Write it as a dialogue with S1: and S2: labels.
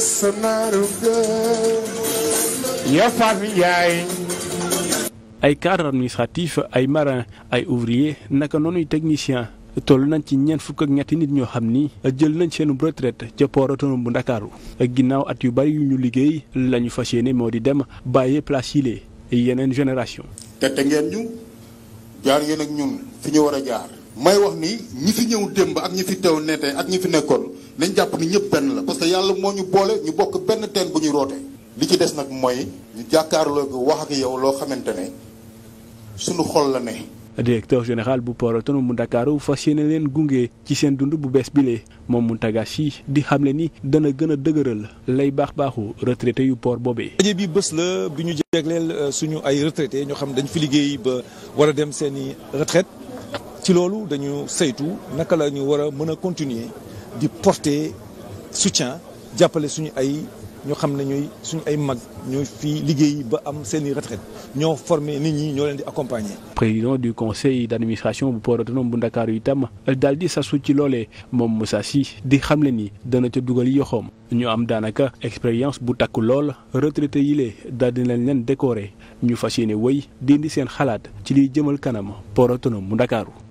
S1: sënaaru gën ya faaf yaay eh.
S2: ay cadre administratif ay marin ay ouvrier naka noonuy technicien toll nañ ci ñeent fukk ak ñetti nit ñoo xam ni jël nañ seenu retraite ca port autonome bu ndakaaru ginnaaw at yu bari yu ñu liggéey la ñu fas yéene moo di dem bàyyee place yile yeneen génération
S1: tete ngeen ñu jaar ngeen ak ñun fi ñu war a jaar may wax ni ñi fi ñëw démb ak ñi fi teew ne ak ñi fi nekkoon lañ jàpp ni ñëpp benn la parce que yàlla moo ñu boole ñu bokk benn teen bu ñuy rootee li ci des nag mooy ñu jàkkaarloo gi wax ak yow loo xamante ne suñu xol la ne.
S2: directeur général bu port autonome bu Ndakaaru fas yéene leen gunge ci seen dund bu bees bi lee moom Mountaga Sy di xamle ni dana gën a dëgëral lay baax baaxu retraité yu port boobee.
S3: daje bi bés la bi ñu jegleel euh, suñu ay retraité ñoo xam dañu fi liggéey ba war a dem seeni i ci loolu dañu saytu naka la ñu war a mën a continuer. di porter soutien jàppale suñu ay ñoo xam ne ñooy suñu ay mag ñoo fii liggéey ba am seen i retraite ñoo formé nit ñi ñoo leen di accompagner.
S2: président du conseil d' administration bu port autonome bu Ndakaaru itam daal di sasu ci loolee moom Moussa Sy di xam xamle ni dana ca dugal yoxoom ñoo am daanaka expérience bu takku lool retraité yi lee daal di leen leen décorer ñu fas yéene wéy dindi seen xalaat ci liy jëmal kanam port autonome bu Ndakaaru.